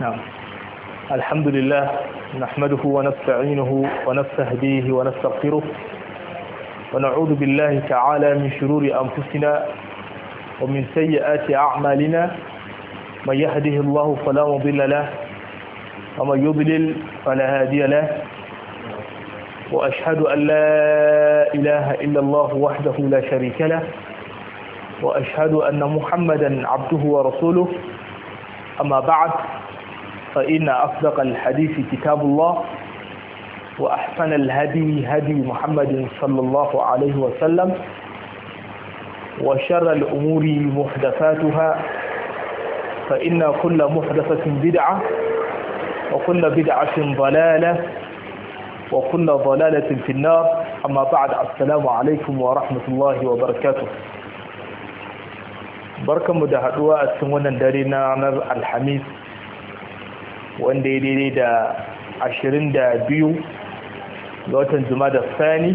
نعم الحمد لله نحمده ونستعينه ونستهديه ونستغفره ونعوذ بالله تعالى من شرور أنفسنا ومن سيئات أعمالنا من يهده الله فلا مضل له ومن يضلل فلا هادي له وأشهد أن لا إله إلا الله وحده لا شريك له وأشهد أن محمدا عبده ورسوله أما بعد فإن أصدق الحديث كتاب الله وأحسن الهدي هدي محمد صلى الله عليه وسلم وشر الأمور محدثاتها فإن كل محدثة بدعة وكل بدعة ضلالة وكل ضلالة في النار أما بعد السلام عليكم ورحمة الله وبركاته barkanmu da haduwa a cikin wannan dare na ranar alhamis wanda ya daidai da ashirin da biyu ga watan juma da sani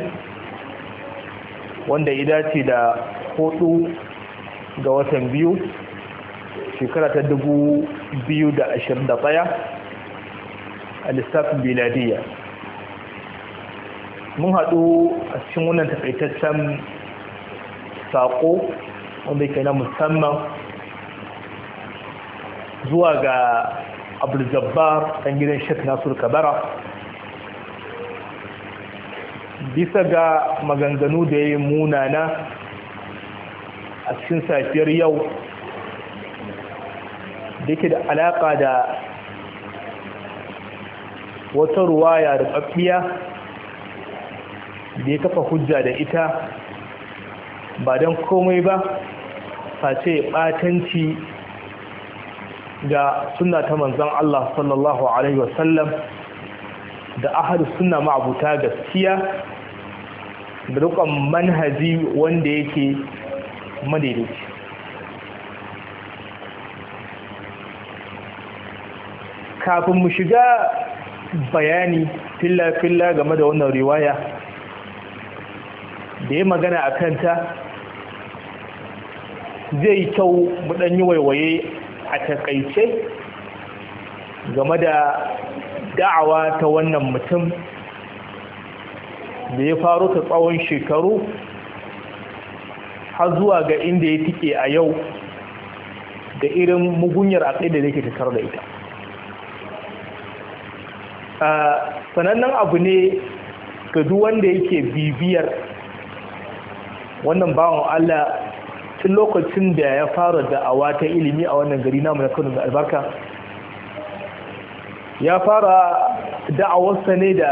wanda ya dace da hudu ga watan biyu shekara ta dubu biyu da da ashirin tsaya a lissafin biladiyya mun haɗu a cikin wannan takaitaccen saƙo wanda yake na musamman zuwa ga abdulzabbar ɗan gidan shek Nasiru kabara bisa ga maganganu da ya yi munana a cikin safiyar yau da yake da alaƙa da wata ruwaya da rikakkiya da ya kafa hujja da ita ba don komai ba face 'batanci ga suna ta manzan Allah sallallahu Alaihi wasallam da ahadu suna ma'abuta gaskiya da rukon manhaji wanda yake madaidaici kafin mu shiga bayani filla-filla game da wannan riwaya da ya magana a kanta zai kyau mu ɗan yi waiwaye a takaice game da da'awa ta wannan mutum da ya faru ta tsawon shekaru har zuwa ga inda ya tike a yau da irin mugunyar aƙida da yake tattar da ita sanannen abu ne ga duk wanda yake bibiyar wannan bawan Allah tun lokacin da ya fara da'awa ta ilimi a wannan gari namu na Kano da albarka ya fara da'awarsa ne da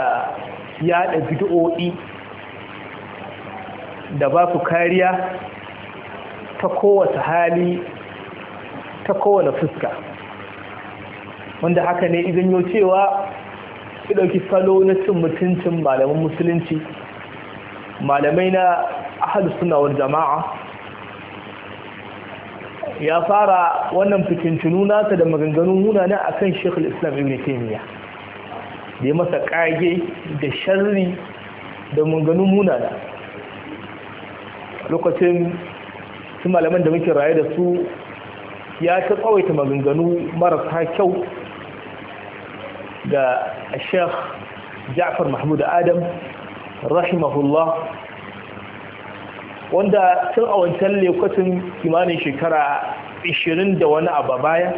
yada bid'o'i da ba su kariya ta kowace hali ta kowane fuska wanda haka ne idan yau cewa ki ɗauki salo na cin mutuncin malaman musulunci malamai na ahalus suna wani jama'a ya fara wannan fitintunu nasa da maganganun munana a kan shekul islam ibn da ya masa ƙage da shari da maganganun munana lokacin sun malaman da muke raye da su ya ta tsawaita maganganu marasa kyau da shekh ja'far mahmud adam rahimahullah wanda tun a wancan lokacin kimanin shekara 20 da wani abu baya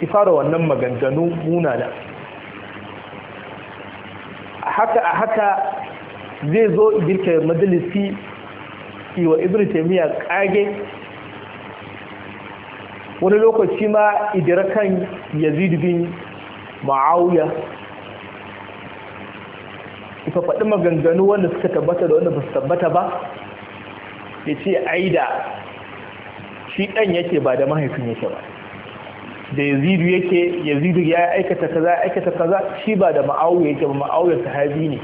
ki fara wannan maganganu munana haka a haka zai zo girka majalisi iwa ibn taymiya kage wani lokaci ma idirakan yazid bin ma'auya ifa faɗi maganganu wanda suka tabbata da wanda ba su tabbata ba ya ce aida shi ɗan yake ba da mahaifin yake ba da yazidu yake yazidu ya aikata kaza ya aikata kaza shi ba da ma'auya yake ba ma'auya sahabi ne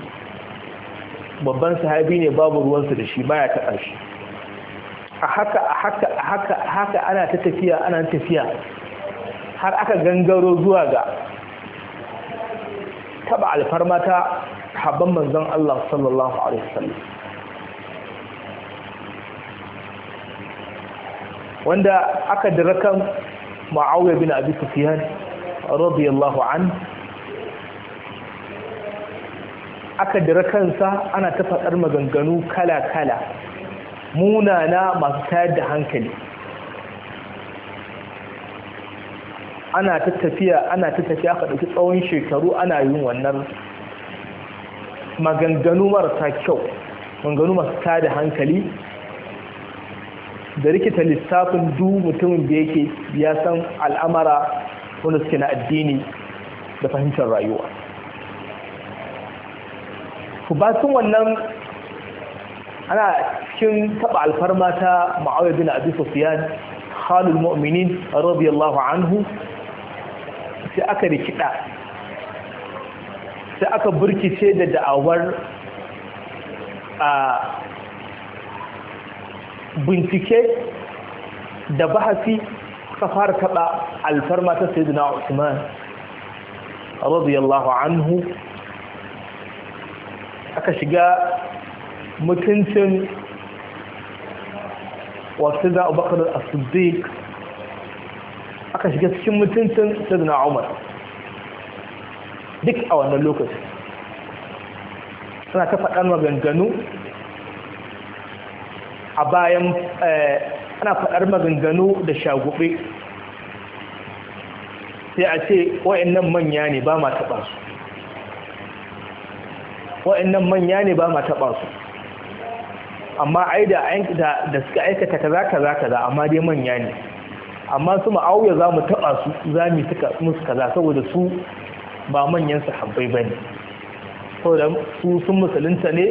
babban sahabi ne babu ruwansa da shi baya taɓa shi a haka a haka a haka a haka ana ta tafiya ana tafiya har aka gangaro zuwa ga taba alfarma ta sahabban manzon Allah sallallahu alaihi wasallam wanda aka kan Muawiya bin Abi Sufyan radiyallahu an aka dira kansa ana ta faɗar maganganu kala-kala munana masu tayar da hankali ana ta tafiya ana ta tafiya ka ɗauki tsawon shekaru ana yin wannan maganganu marasa kyau maganganu masu tada hankali da rikita lissafin du mutumin da yake ya san al'amara wanda suke na addini da fahimtar rayuwa ku ba sun wannan ana cikin taɓa alfarma ta ma'awar bin abu sufiyan halul mu'minin radiyallahu anhu sai aka rikida sai aka burkice da da'awar a bincike da bahasi ka fara taɓa alfarma ta sai duna usman radiyallahu anhu aka shiga mutuncin wasu da abubakar as aka shiga cikin mutuncin sai umar duk a wannan lokaci suna ta faɗar maganganu a bayan eh, ana faɗar maganganu da shagube sai a ce wa'annan manya ne ba ma taɓa su wa'annan manya ne ba ma taɓa su amma ai da da suka aikata kaza kaza kaza amma dai manya ne amma su ma'auya za mu taɓa su za mu suka kaza saboda su ba manyan sahabbai bane ko da su sun musulunta ne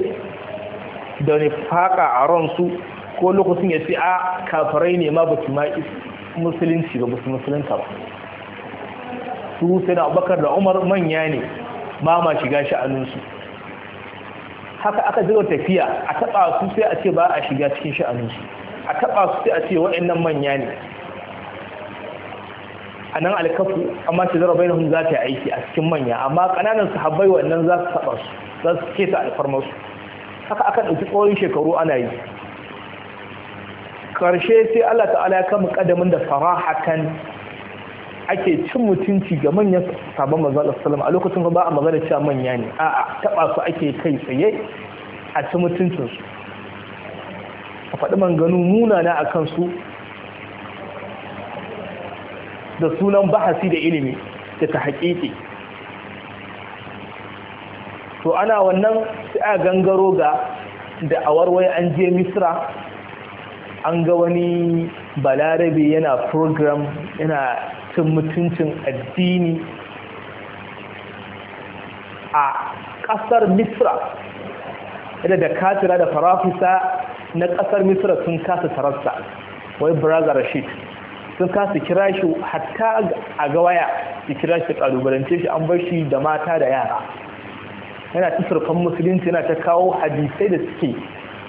da ne faka a ransu ko lokacin ya ce a kafarai ne ma ba su ma musulunci ba su musulunta ba su sai da abubakar da umar manya ne ba ma shiga sha'aninsu haka aka zira tafiya a taɓa su sai a ce ba a shiga cikin sha'aninsu a taɓa su sai a ce waɗannan manya ne a nan alkafu amma shi zara bai za ta yi aiki a cikin manya amma kananan sahabbai wannan za su taɓa su za su ce ta su haka aka ɗauki tsawon shekaru ana yi Karshe sai allah ta'ala ya kama ƙadamin da farahakan ake cin mutunci ga manyan sabon manzon salam a lokacin ba a magana cewa manya ne a'a taɓa su ake kai tsaye a cin mutuncinsu a faɗi manganu munana a kansu da sunan bahasi da ilimi da ta haƙiƙi to ana wannan sai a gangaro ga da awarwai an je misra an ga wani balarabe yana program yana cin mutuncin addini a ƙasar misra yadda da katira da farafisa na ƙasar misra sun kasa tararsa wai brother rashid sun kasa kira shi hatta a ga waya su kira shi kalubalance shi an bar shi da mata da yara yana ta surfan musulunci yana ta kawo hadisai da suke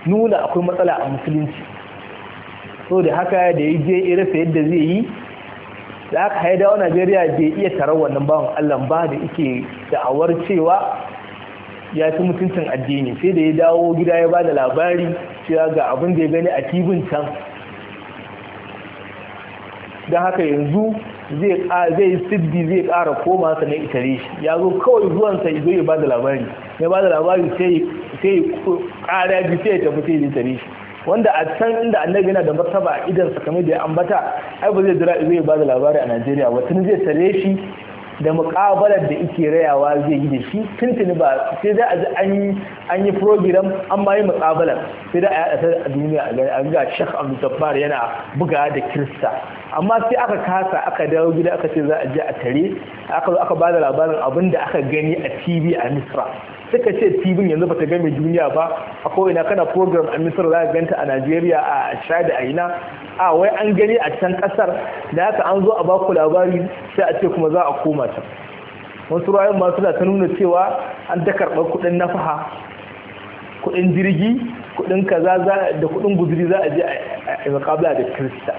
nuna akwai matsala a musulunci so da haka da ya je irasa yadda zai yi da aka haida wa najeriya bai iya tarar wannan bawan allah ba da ike da'awar cewa ya fi mutuncin addini sai da ya dawo gida ya ba da labari cewa ga abin da ya gani a tibin can don haka yanzu zai siddi zai kara koma sa na itare shi ya zo kawai zuwansa ya zo ya bada labari ya bada labari sai yi kara bi sai ya tafi sai ya itare shi wanda a can inda annabi yana da martaba a idan sakamai da ya ambata ai ba zai jira zai bada labari a Najeriya ba tun zai tare shi da muƙabalar da ike rayawa zai yi da shi tuntuni ba sai ji an yi program an ma yi muƙabalar sai da a yaɗa ta duniya a gani an ga shek abdulsabbar yana buga da kirista amma sai aka kasa aka dawo gida aka ce za a je a tare aka zo aka ba da labarin abin da aka gani a tv a misra suka ce tibin yanzu bata mai duniya ba a ko'ina kana program a misir za ganta a nigeria a shadi a ina a wai an gani a can kasar da haka an zo a baku labari sai a ce kuma za a koma ta wasu rayuwar masu suna ta nuna cewa an ta karɓar kuɗin nafaha kuɗin jirgi kuɗin kaza da kuɗin guzuri za a je a makabla da kirista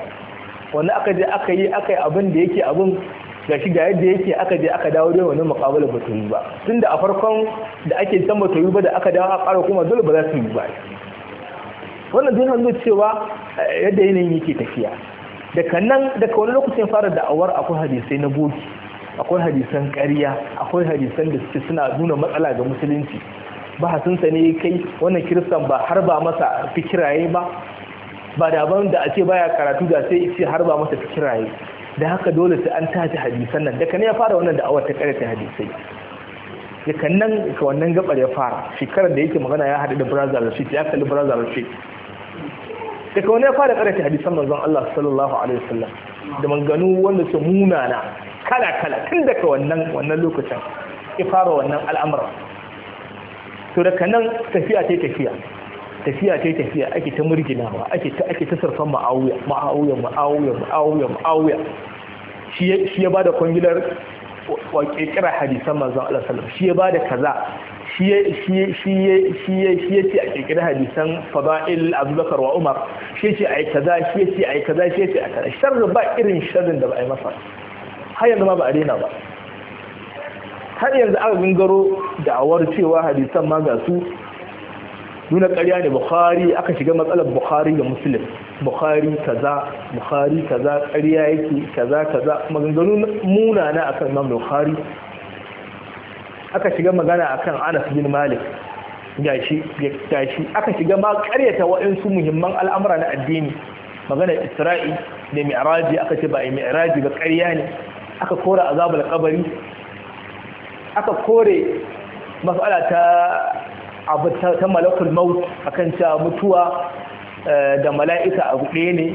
wanda aka je aka yi aka yi abin da yake abin ga shi ga yadda yake aka je aka dawo dai wani mukabala ba ba tunda a farkon da ake san ba ta yi ba da aka dawo a ƙara kuma dole ba za su yi ba wannan duk hannu cewa eh, yadda yanayin yake tafiya daga nan daga wani lokacin fara da'awar akwai hadisai na boki, akwai hadisan ƙarya akwai hadisan da suke suna nuna matsala ga musulunci ba sun ne kai wannan kiristan ba har ba masa fikiraye ba ba daban da a ce baya karatu da sai ce har ba masa fikiraye da haka dole sai an tashi hadisan nan daga ne ya fara wannan da'awar ta karanta hadisai daga nan ka wannan gabar ya fara shekarar da yake magana ya haɗu da brazil rashid ya kalli brazil rashid daga wani ya fara karanta hadisan manzon Allah sallallahu alaihi wasallam da manganu wanda su munana kala kala tun daga wannan wannan lokacin ya fara wannan al'amura to daga nan tafiya ta tafiya tafiya ta tafiya ake ta murginawa ake ta ake ta sarfan ma'awiya ma'awiya ma'awiya ma'awiya ma'awiya shi ya ba da kwangilar wa kira hadisan manzon Allah sallallahu shi ya ba da kaza shi ya ce a kirkira hadisan fada'il abubakar wa umar shi ya ce a yi kaza shi ya ce a yi kaza shi ya ce a kaza sharri ba irin sharrin da ba a yi masa har yanzu ma ba a daina ba har yanzu aka gangaro awar cewa hadisan ma ga su nuna ƙarya ne bukhari aka shiga matsalar bukhari da muslim bukhari kaza bukhari kaza ƙarya yake kaza kaza maganganu munana akan imam bukhari aka shiga magana akan anas bin malik gashi gashi aka shiga ma ƙaryata waɗansu muhimman al'amura na addini magana isra'i da mi'raji aka ce ba mi'raji ba ƙarya ne aka kora azabul qabari aka kore mas'ala ta abu ta malakul maut akan ta mutuwa eh, da mala'ika a ɗaya ne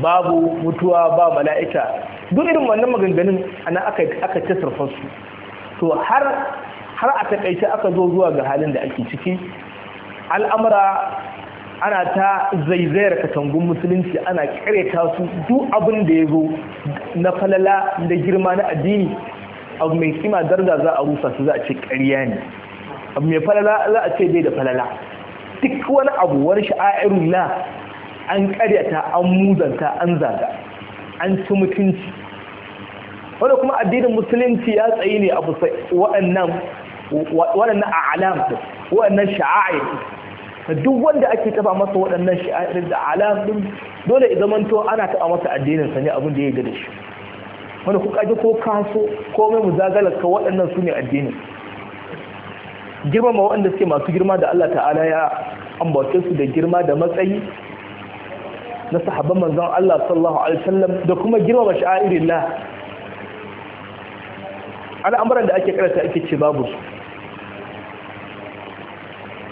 babu mutuwa ba mala'ika duk irin wannan maganganun ana aka ta sarfansu to har a takaice aka zo zuwa ga halin da ake ciki al'amura ana ta zaizayar katangun musulunci ana karyata su duk abin da ya zo na falala da girma na addini abu mai kima darda za a rusa su za a ce ƙarya ne Abu mai falala za a ce bai da falala duk wani abu wani na an karyata an muzanta an zaga an ci mutunci wanda kuma addinin musulunci ya tsayi ne abu waɗannan waɗannan a'alam waɗannan sha'air duk wanda ake taba masa waɗannan sha'air da alam din dole idan zamanto ana taba masa addinin sa ne abin da ya gada shi wanda kuka ji ko kaso mai muzagalar ka waɗannan su ne addinin girmama waɗanda suke masu girma da Allah ta'ala ya ambace su da girma da matsayi na sahabban manzon Allah sallallahu alaihi wasallam da kuma girmama sha'irillah al'amuran da ake karanta ake ce babu su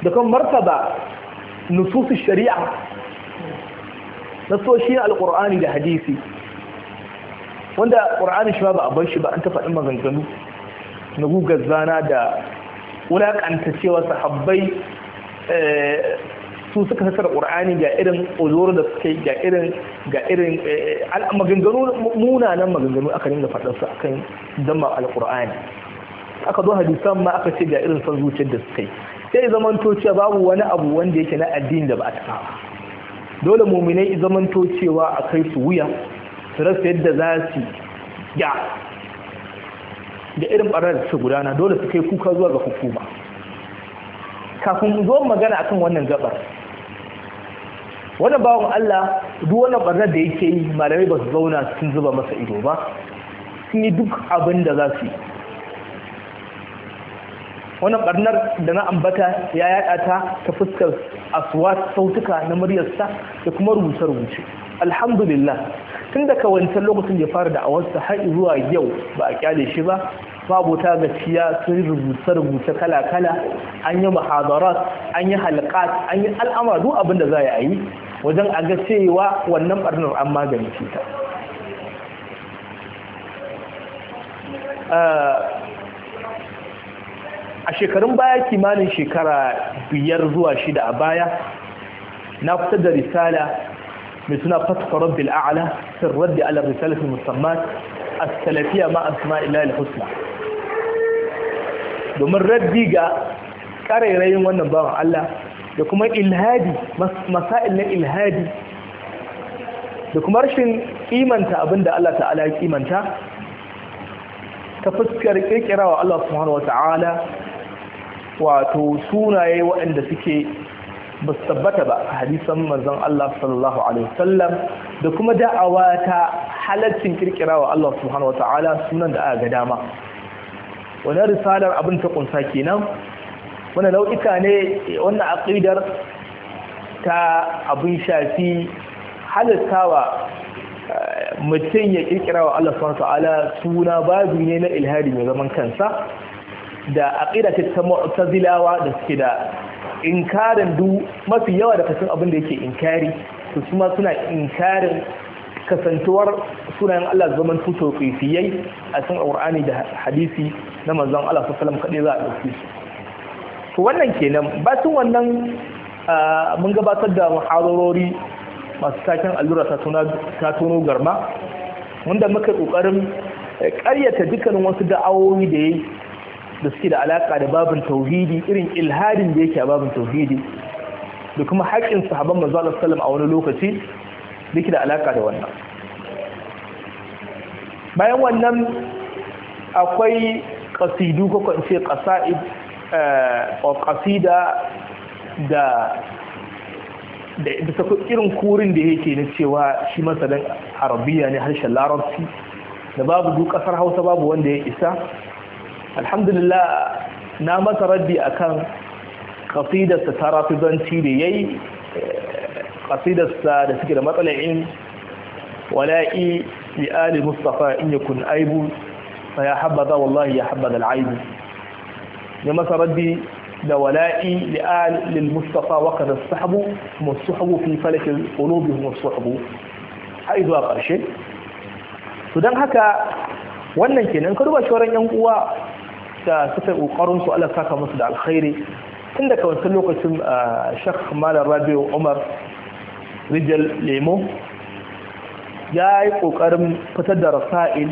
da kuma martaba nususi shari'a na soshi alqur'ani da hadisi wanda qur'ani shi ba a bar shi ba an ta faɗin maganganu na gugar zana da wulaƙanta cewa sahabbai eh, su suka fassara qur'ani ga irin uzur da suke ga irin ga irin eh, maganganu munanan maganganu aka dinga faɗin su akan dama alƙur'ani aka zo hadisan ma aka ce ga irin son zuciyar da suke sai zamanto cewa babu wani abu wanda yake na addini da ba a taɓa dole muminai zamanto cewa a kai su wuya su rasa yadda za su ya da irin ɓarar da su gudana dole su kai kuka zuwa ga hukuma kafin zo magana akan wannan gabar wannan bawan Allah duk wannan ɓarar da yake yi malamai ba su zauna sun zuba masa ido ba sun yi duk abin da za su yi wannan barnar da na ambata ya yada ta ta fuskar aswat sautuka na muryarsa da kuma rubuce-rubuce alhamdulillah tun da wancan lokacin da ya fara awarsa har zuwa yau ba a kyale shi ba babu ta gaskiya sun rubuce-rubuce kala-kala an yi mahadarat an yi halqat an yi al'amura duk abin da za a yi wajen a ga cewa wannan barnar an magance ta ah, a shekarun baya kimanin shekara biyar zuwa shida a baya na fitar da risala mai suna fatfa rabbi al'ala sun raddi ala su musamman a salafiya ma asma ilahi husna domin raddi ga ƙarairayin wannan bawan Allah da kuma ilhadi masa'il na ilhadi da kuma rashin kimanta abinda Allah ta'ala ya kimanta ta fuskar kirkirawa Allah subhanahu ta'ala wato sunaye waɗanda suke ba su tabbata ba a hadisan manzon Allah sallallahu alaihi wasallam da kuma da'awa ta halaccin wa Allah subhanahu wata'ala sunan da aka ga dama wannan risalar abin ta kunsa kenan wannan nau'ika ne wannan aƙidar ta abin shafi wa eh, mutum ya wa Allah subhanahu wata'ala suna babu ne na ilhadi mai zaman kansa da aƙida ta mu'tazilawa da suke da inkarin du mafi yawa da kasan abin da yake inkari to su ma suna inkarin kasantuwar sunayen Allah zaman tuto kaifiyai a cikin Qur'ani da hadisi na manzon Allah sallallahu alaihi wasallam za a su. to wannan kenan batun wannan mun gabatar da muhadarori masu taken allura ta tono garma wanda muka kokarin eh, ƙaryata dukkanin wasu da'awowi da yayi da suke da alaka da babin tauhidi irin ilhadin da yake a babin tauhidi da kuma haƙƙin sahabban manzo Allah sallam a wani lokaci da yake da alaka da wannan bayan wannan akwai qasidu ko ko ce qasaid ko eh, qasida da da bisa irin kurin da yake na cewa shi masalan arabiya ne harshen larabci da babu duk kasar Hausa babu wanda ya isa alhamdulillah na masa raddi akan kasidarsa ta rafidanci da yayi kasidarsa eh, da suke da matsala'in wala'i li ali mustapha in kun aibu fa ya za wallahi ya habbada al'aibu ya masa raddi da wala'i li ali mustapha waka da sahabu masu hagu musuhbu fi falak masu hagu musuhbu ai zuwa karshe su dan haka wannan kenan ka duba shoran yan uwa da suka ƙoƙarin su Allah saka musu da alkhairi tun daga wancan lokacin Sheikh Malam Rabi'u Umar Rijal Lemo ya yi ƙoƙarin fitar da rasail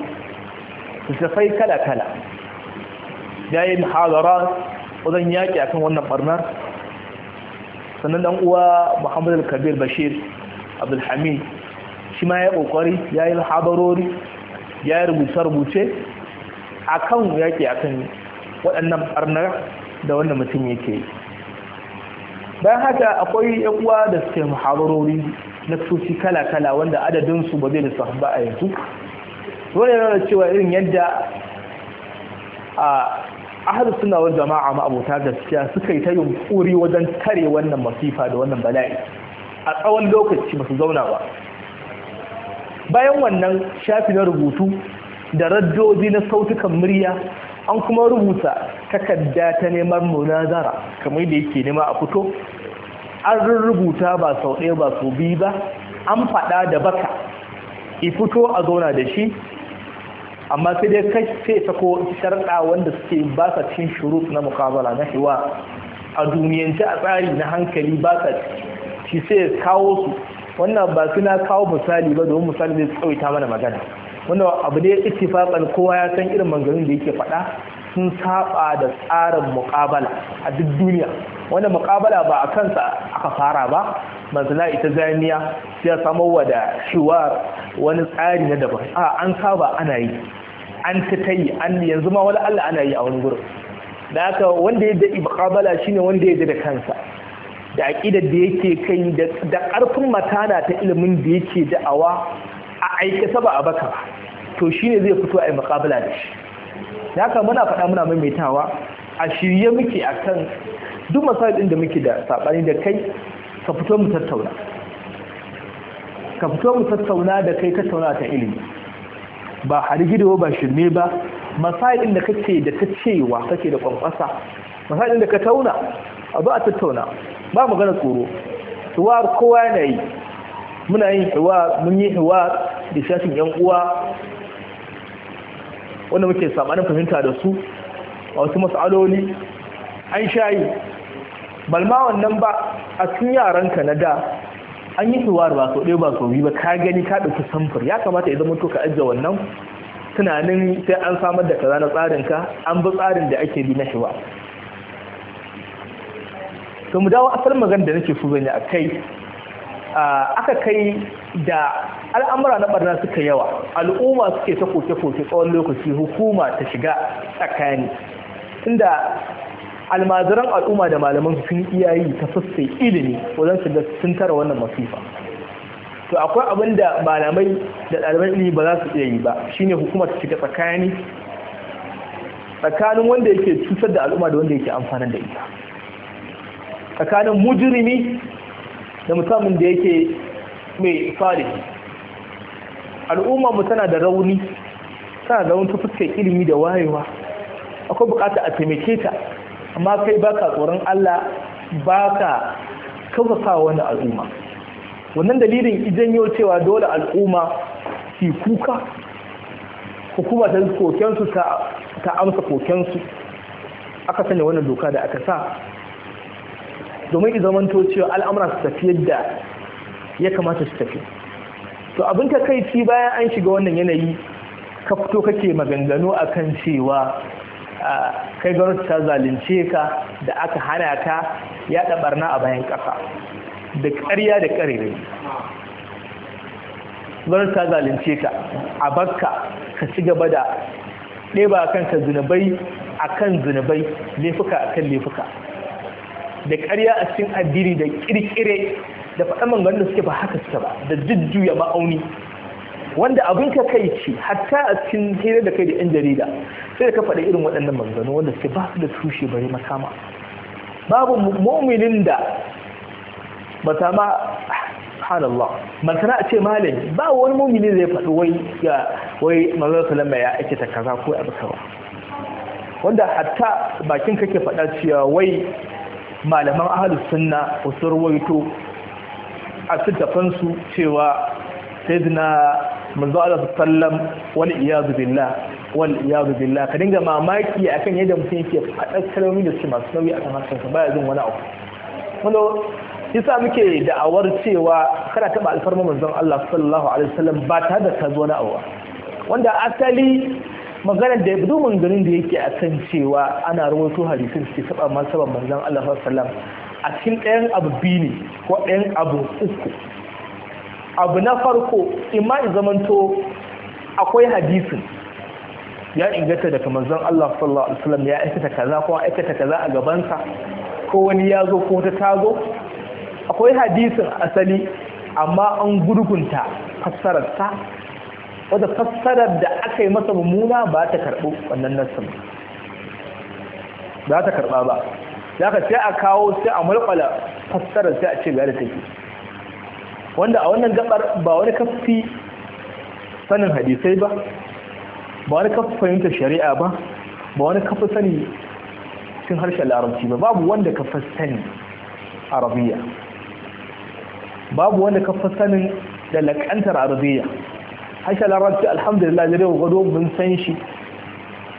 tafai kala-kala ya yi muhazara wajen yaƙi akan wannan ɓarnar. sannan dan uwa Muhammad kabir Bashir Abdulhamid shi ma ya ƙoƙari ya yi habarori ya yi rubuce-rubuce akan a akan waɗannan ɓarnar da wanda mutum yake yi. bayan haka akwai uwa da suke muhawarori na tsoci kala-kala wanda adadinsu ba zai lissafi ba a yanzu wani yana cewa irin yadda a ahadu suna wani jama'a ma'abuta gaskiya suka yi ta yunkuri wajen tare wannan masifa da wannan bala'i a tsawon lokaci ba zauna ba bayan wannan shafi na rubutu da raddoji na sautukan murya an kuma rubuta takarda ta neman munazara kamar da yake nema a fito an rubuta ba sau ɗaya ba sau biyu ba an faɗa da baka i fito a zauna da shi amma sai dai kai sai ta ko sharɗa wanda suke ba sa cikin shuruf na mukabala na shiwa a duniyance a tsari na hankali ba sa shi sai kawo su wannan ba suna kawo misali ba domin misali zai tsawaita mana magana wanda abu ne ittifaqan kowa ya san irin manganin da yake faɗa sun saba da tsarin muqabala a duk duniya wanda muqabala ba a kansa aka fara ba mazala ita zaniya sai samar wa da shiwar wani tsari na daban a an saba ana yi an ta an yanzu ma wani Allah ana yi a wani gurin da haka wanda ya daɗi muqabala shine wanda ya da kansa da aƙidar da yake kai da ƙarfin matana ta ilimin da yake da'awa a aiki ba a baka to shi ne zai fito a yi makabala da shi da haka muna faɗa muna maimaitawa a shirye muke a kan duk masarar ɗin da muke da saɓani da kai ka fito mu tattauna ka fito mu tattauna da kai ka tauna ta ilimi ba harigido ba shirme ba masarar da kake da ta cewa kake da kwankwasa masarar da ka tauna abu a tattauna ba magana tsoro tuwar kowa na yi muna yin hiwa mun yi hiwa da shafin yan uwa wanda muke samanin fahimta da su a wasu matsaloli an shayi balma wannan ba a cikin ka na da an yi hiwar ba sau ɗaya ba sau biyu ba ka gani ka ɗauki samfur ya kamata idan mutu ka ajiye wannan tunanin sai an samar da kaza na ka an bi tsarin da ake bi na hiwa to mu dawo asalin magana da nake so zan a kai aka kai da al'amura na barna suka yawa al'umma suke ta koke-koke tsawon lokaci hukuma ta shiga tsakani inda almazaran al'umma da malaman sun iyayi ta fuske ilimi wajen shiga sun tara wannan masifa to akwai abin da malamai da ɗaliban ilimi ba za su iya yi ba shine hukuma ta shiga tsakani tsakanin wanda yake cutar da al'umma da wanda yake amfanar da ita tsakanin mujirimi da musamman da yake mai farihi al'umma mu tana da rauni tana da wani fuskar ilimi da wayewa akwai bukata a taimake ta amma kai baka tsoron Allah baka kafafa wani al'umma wannan dalilin idan ijanyo cewa dole al'umma su kuka hukuma ta kokensu ta amsa kokensu aka sanya wannan doka da aka sa domin i to cewa al'amura su tafi yadda ya kamata su tafi to abin ta kai ci bayan an shiga wannan yanayi ka fito kake maganganu kan cewa kai gwamnati ta zalunce ka da aka hana ka ya barna a bayan ƙasa da ƙarya da ƙarere gwamnati ta zalunce ka a bakka ka ci gaba da ɗeba kanka zunubai akan zunubai laifuka akan laifuka da ƙarya a cikin addini da ƙirƙire da faɗa mangan da suke ba haka suke ba da jujjuya ma'auni wanda abin ka kai ce hatta a cikin hira da kai da 'yan jarida sai da ka faɗa irin waɗannan maganganu wanda suke ba su da tushe bare makama babu mu'minin da bata ma subhanallah masana a ce malami ba wani mu'mini zai faɗi wai ya wai mazan salama ya ake ta kaza ko ya ba wanda hatta bakin kake faɗa cewa wai malaman ahalus sunna usur waito a su cewa sayyidina manzo su sallam wal iyazu billah wal iyazu billah ka dinga mamaki akan yadda mutum yake faɗar kalmomi da su masu nauyi akan ba baya jin wani abu wanda yasa muke da'awar cewa kana taɓa alfarma manzon Allah sallallahu alaihi wasallam ba tare da ka zo na awa wanda asali maganar da duk ganin da yake a san cewa ana rawaito hadisin ke saba ma saba manzon Allah sallallahu a cikin ɗayan abu biyu ne ko ɗayan abu uku abu na farko imma zamanto akwai hadisin ya inganta daga manzon Allah sallallahu alaihi wasallam ya aikata kaza ko aikata kaza a gabansa ko wani ya zo ko ta tago akwai hadisin asali amma an gurgunta fassararsa wata fassarar da aka yi masa mummuna ba ta karɓo wannan nassin ba ta karɓa ba za ka sai a kawo sai a mulkwala fassarar sai a ce biya da take wanda a wannan gabar ba wani kafi sanin hadisai ba ba wani kafi fahimtar shari'a ba ba wani kafi sani cikin harshen larabci ba babu wanda kafa sani arabiya babu wanda kafa sanin da lakantar arabiya haka larabci alhamdulillah da dai gado mun san shi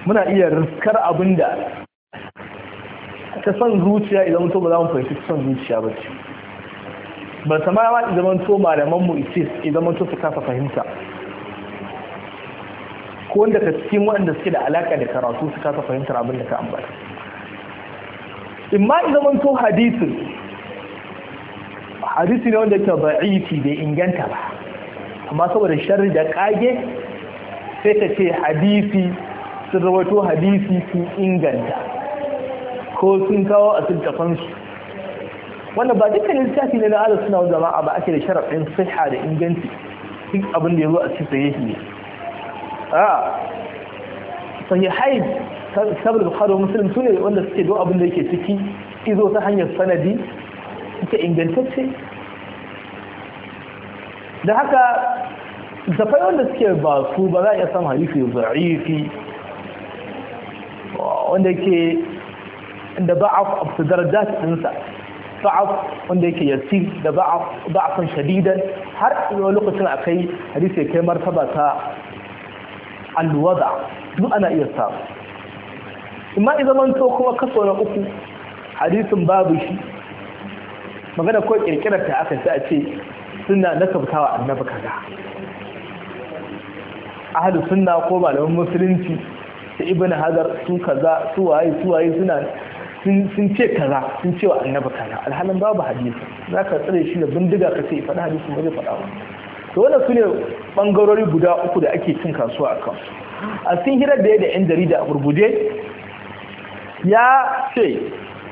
muna iya riskar abinda da ta san zuciya idan mutum ba za mu fahimci san zuciya ba ce ba ta ma ma idan to malaman mu isis idan mun to su kasa fahimta ko wanda ka cikin waɗanda suke da alaƙa da karatu su kasa fahimtar abin da ka ambata in ma idan mun to hadisin hadisi ne wanda yake ba'iti bai inganta ba amma saboda sharri da kage sai ta ce hadisi sun rawato hadisi sun inganta ko sun kawo a sultafansu wanda ba dukkanin littafi ne na ala suna jama'a ba ake da sharaɗin siha da inganci duk abin da ya zo a cikin sahihi ne a sahihai saboda bukhari muslim su ne wanda suke do abin da yake ciki izo ta hanyar sanadi suke ingantacce da haka littafai wanda suke ba su ba za a iya samun hadisi za'ifi wanda yake da ba'af a su ɗinsa ba'af wanda yake yasi da ba'afin shadidan har wani lokacin a kai hadisi ya kai martaba ta alwada duk ana iya samu imma i zamanto kuma kaso na uku hadisin babu shi magana ko kirkirar ta aka sai a ce suna nasabtawa annabi kaza ahlus sunna ko malaman musulunci da ibn hazar su kaza su waye su waye suna sun ce kaza sun ce wa annabi kaza alhalin babu hadisi zaka tsare shi da bindiga ka ce faɗa hadisi ba zai faɗa ba to wannan sune bangarori guda uku da ake cin kasuwa a kan a cikin hirar da ya da yan jarida a gurguje ya ce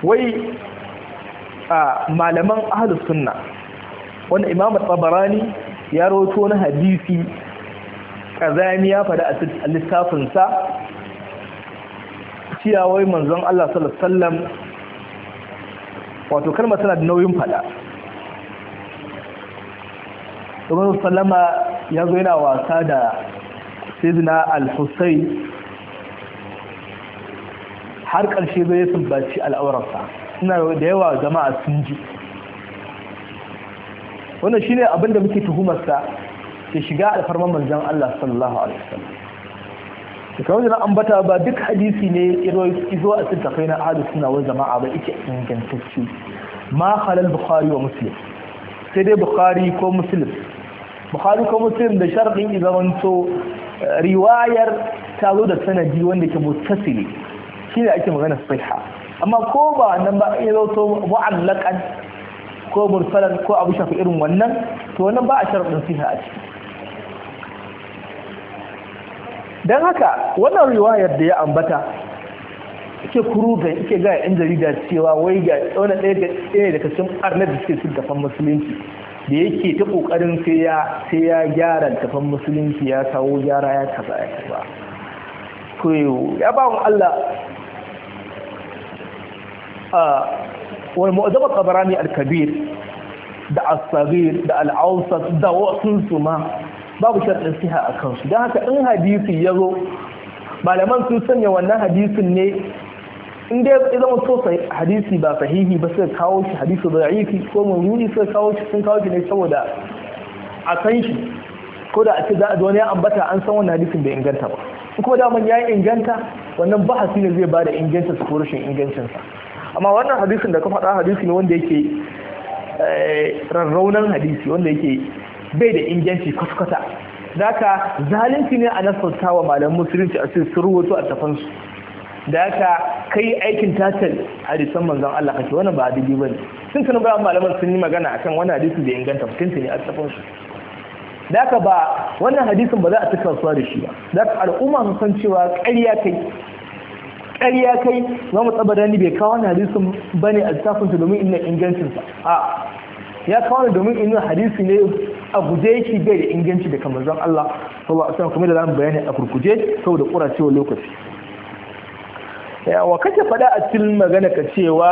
wai a malaman ahlus sunna wanda imamu tabarani ya rawaito na hadisi ƙazami ya faɗa a littafinsa ciyawai manzon Allah sallallahu wato kalmar tana da nauyin faɗa domin salama ya zo yana wasa da sidna al-husayn har ƙarshe zai sumbaci al'aurarsa suna da yawa jama'a sun ji wannan shine abin da muke tuhumarsa sai shiga alfarman manzan Allah sallallahu alaihi wasallam to kawai an bata ba duk hadisi ne izo a sittafai na ahlus sunna wal jama'a ba yake ingantacce ma khalal bukhari wa muslim sai dai bukhari ko muslim bukhari ko muslim da sharhin izamanto eh, riwayar ta zo da sanadi wanda ke mutasili shi ne ake magana sahiha amma ko ba nan ba ya zo to mu'allakan ko mursalan ko abu shafi irin wannan to wannan ba a sharadin sahiha a ciki don haka wannan riwayar da ya ambata ke kurugan ike ga yan jarida cewa wai ga tsawon ɗaya daga cikin arnar da suke sun tafan musulunci da yake ta ƙoƙarin sai ya gyara tafan musulunci ya kawo gyara ya kaza ya kaza ya ba Allah wani mu'azaba tabarani al-kabir da al-sabir da al ausar da wasu su babu sharɗin siha a kansu don haka in hadisi ya zo malaman sun sanya wannan hadisin ne in ya zama so hadisi ba sahihi ba sai kawo shi hadisi da'ifi ko mawuni sai kawo shi sun kawo shi ne saboda a san shi ko da a ce za a wani ya ambata an san wannan hadisin bai inganta ba in kuma daman ya yi inganta wannan bahasi ne zai ba da inganta su ko rashin ingancinsa amma wannan hadisin da ka faɗa hadisi ne wanda yake eh, rarraunan hadisi wanda yake bai da inganci kwata-kwata ka zalunci ne a nasauta wa malam musulunci a cikin surwato a tafansu da haka kai aikin tatal hadisan manzan Allah kake wannan ba hadisi bane sun tana ba malaman sun yi magana akan wannan hadisi da inganta mutunci ne a tafansu da haka ba wannan hadisin ba za a ci kasuwa da shi ba da haka al'umma su san cewa ƙarya kai ƙarya kai za mu tsaba bai kawo wannan hadisin bane a tafansu domin inna ingancinsa? a ya kawo domin inu hadisi ne a guje yake bai da inganci kamar manzon Allah sallallahu alaihi kuma da zan bayani a kurkuje saboda kuracewar lokaci Ya wa kace fada a cikin magana ka cewa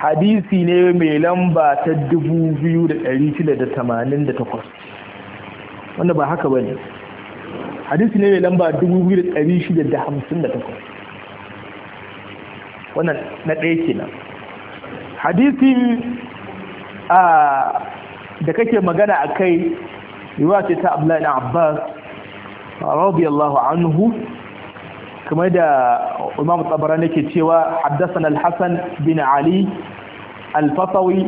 hadisi ne mai lamba ta 2688 wanda ba haka bane hadisi ne mai lamba 2658 wannan na ɗaya kenan Hadisi. da kake magana a kai yiwuwa ce ta abdullahi abbas radiyallahu anhu kamar da imam tsabara nake cewa haddasan al-hasan bin ali al-fasawi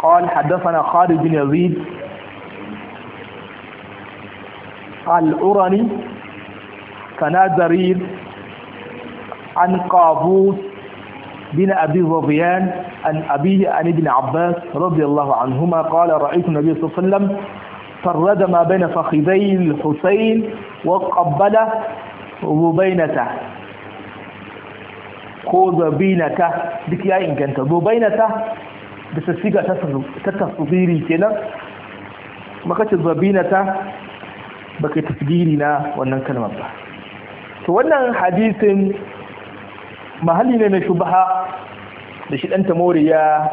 قال حدثنا خالد بن يزيد الأرني كان زرير عن بن أبي ظبيان عن أبيه عن ابن عباس رضي الله عنهما قال رأيت النبي صلى الله عليه وسلم فرد ما بين فخذي الحسين وقبل ربينته ko zabinata duk ya inganta zubainata da sassiga ta tasiri kenan makace zabinata baka tasiri na wannan kalmar ba to wannan hadisin mahalli ne na shubaha da shi ɗanta mori ya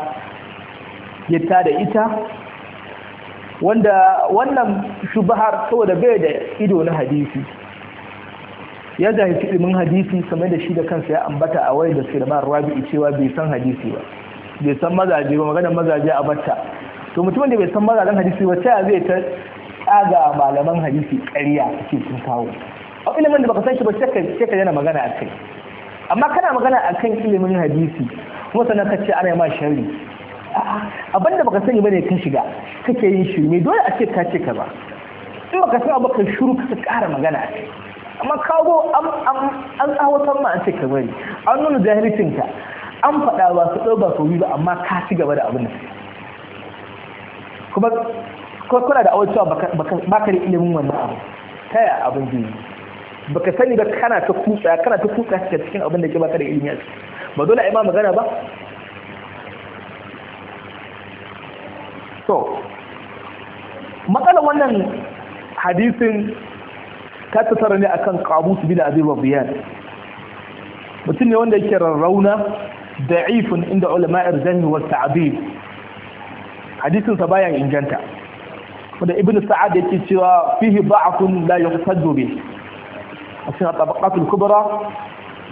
yadda da ita wanda wannan shubahar saboda bai da ido na hadisi ya jahilci ilimin hadisi same da shi da kansa ya ambata a wayar da su da mara rabi'i cewa bai san hadisi ba bai san mazaje ba maganar mazaje a batta to mutumin da bai san mazajen hadisi ba ta zai ta tsaga malaman hadisi ƙarya a cikin kawo a ilimin da baka san shi ba sai yana magana a kai amma kana magana a kan ilimin hadisi kuma sannan ka ce ana ma shari abin da baka sani bane ka shiga kake yin shirme dole a ce ka ce ba in baka san abu ka shiru ka ƙara magana amma kawo an tsawatar ma an ce ka bari an nuna jahilcinka an faɗa ba su ɗau ba su ba amma ka ci gaba da abin da kuma kuna da awar cewa ba ka da ilimin wannan abu ta yaya abin jini baka sani ba kana ta kutsa kana ta kutsa ta cikin abin da ke baka da ilimi a ba dole ai ma magana ba to matsalar wannan hadisin ta tattara ne akan qabus bin abi rabiyan mutum ne wanda yake rarrauna da'ifun inda ulama zanni wa ta'dil hadisin sa bayan inganta wanda ibnu sa'ad yake cewa fihi da'afun la yuhtaju bihi a cikin tabaqatul kubra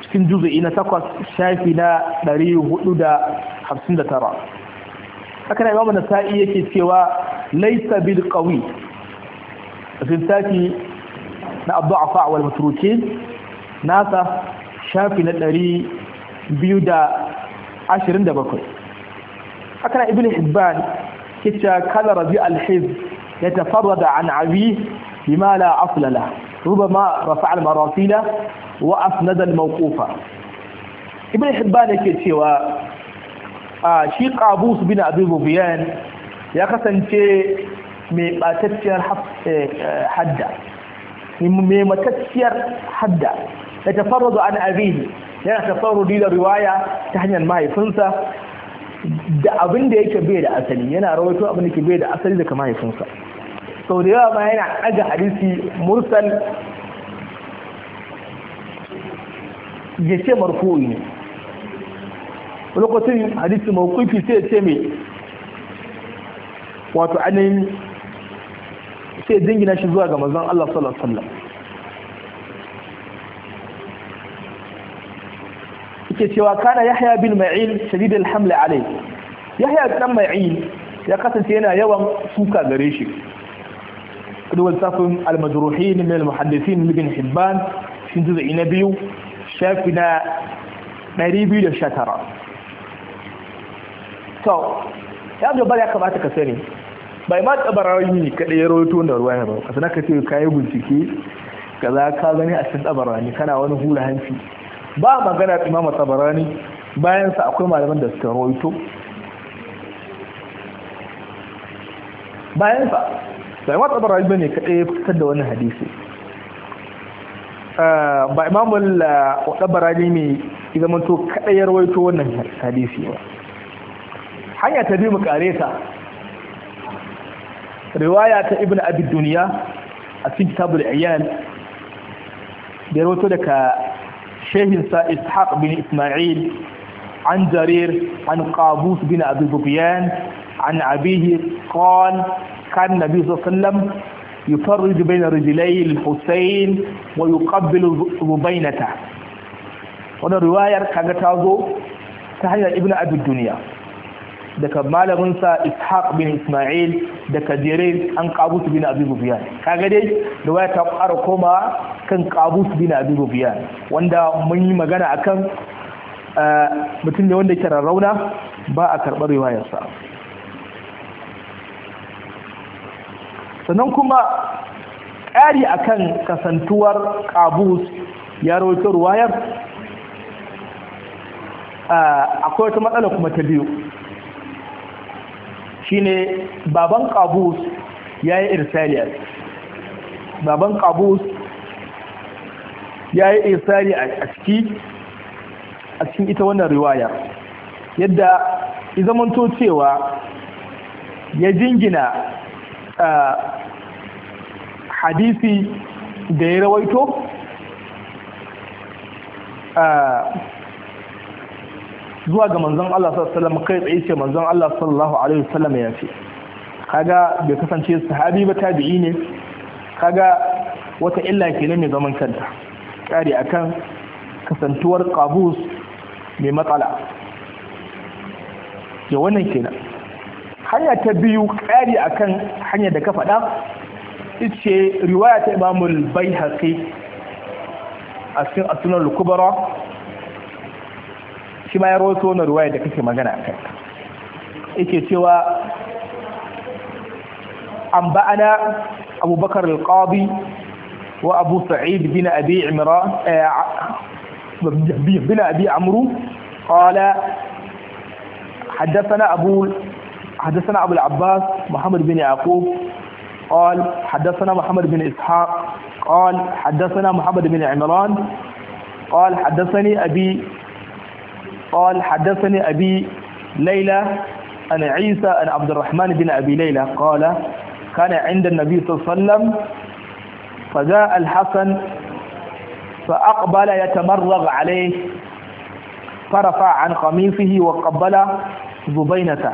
cikin juz'i na takwas shafi na 459 haka ne imamu nasa'i yake cewa laysa bil qawi cikin taki na abdu'afa wal matrukin nasa shafi na 227 haka ne ibnu hibban yace kala rabi al-hizb يتفرد عن عبيه بما لا أصل له rubama rafa al-marasila wa na al-mawqufa ibn hibban yake cewa a shi qabus bin abi bubiyan ya kasance mai batacciyar hadda mai matacciyar hadda da tafarrudu an abihi yana tafarrudi da riwaya ta hanyar mahaifinsa da abin da yake bai da asali yana rawaito abin da ke bai da asali daga mahaifinsa sau da yawa ma yana ɗaga hadisi mursal ya ce marfu'i ne lokacin hadisi mawkufi sai ya ce mai wato anayin sai dingina shi zuwa ga mazan Allah sallallahu alaihi wasallam yake cewa kana Yahya bin Ma'in shadid al-haml alayhi Yahya dan Ma'in ya kasance yana yawan suka gare shi duba littafin almajruhin min almuhaddisin ibn hibban cikin juz'i na biyu shafi na 219 to ya gaba ya kamata ka sani bai ma tabarani kadai ya rawaito da ruwa ba ka sanar ka ce kayi bincike kaza ka gani a cikin tabarani kana wani hula hanci ba magana imama tabarani bayan sa akwai malaman da suka rawaito bayan sa da imam tabarani bane kadai ya fitar da wannan hadisi ba imam tabarani ne ya zama to kadai ya rawaito wannan hadisi ba hanya ta bi mu kare ta riwaya ta ibn abi duniya a cikin kitabul iyal da ya rawaito daga shehinsa ishaq bin isma'il عن جرير عن قابوس بن أبي ظبيان عن أبيه قال كان النبي صلى الله عليه وسلم يفرج بين رجلي الحسين ويقبل ربينته wannan riwayar kaga ta zo ta hanyar ibn abi duniya daga malaminsa ishaq bin isma'il da jere an qabus bin abi zubiyan kaga dai riwaya ta ƙara koma kan qabus bin abi zubiyan wanda mun yi magana akan mutum ne wanda ke rauna ba a karɓar riwayarsa sannan kuma ƙari akan kasantuwar ƙabus ya rawaito ruwayar akwai wata matsala kuma ta biyu shine baban ƙabus ya yi irsaliyar baban ƙabus ya yi a ciki a cikin ita wannan riwaya yadda izamanto ya jingina hadisi da ya rawaito eh, zuwa ga manzon Allah sallallahu alaihi wasallam kai tsaye ce manzon Allah sallallahu alaihi wasallam ya ce kaga bai kasance sahabi ba tabi'i ne kaga wata illa kenan mai zaman kanta kare akan kasantuwar qabus mai matsala ya wannan kenan hanya ta biyu kare akan hanya da ka faɗa ce riwaya ta imamul bai haske a cikin asunan lukubara shi ma ya rawato na riwaya da kake magana a kai yake cewa an ba'ana abubakar alƙabi wa abu sa'id bin abi imra eh, bin abi amru qala حدثنا أبو حدثنا أبو العباس محمد بن يعقوب قال حدثنا محمد بن إسحاق قال حدثنا محمد بن عمران قال حدثني أبي قال حدثني أبي ليلى أن عيسى أن عبد الرحمن بن أبي ليلى قال كان عند النبي صلى الله عليه وسلم فجاء الحسن فأقبل يتمرغ عليه فرفع عن قميصه وقبل زبينته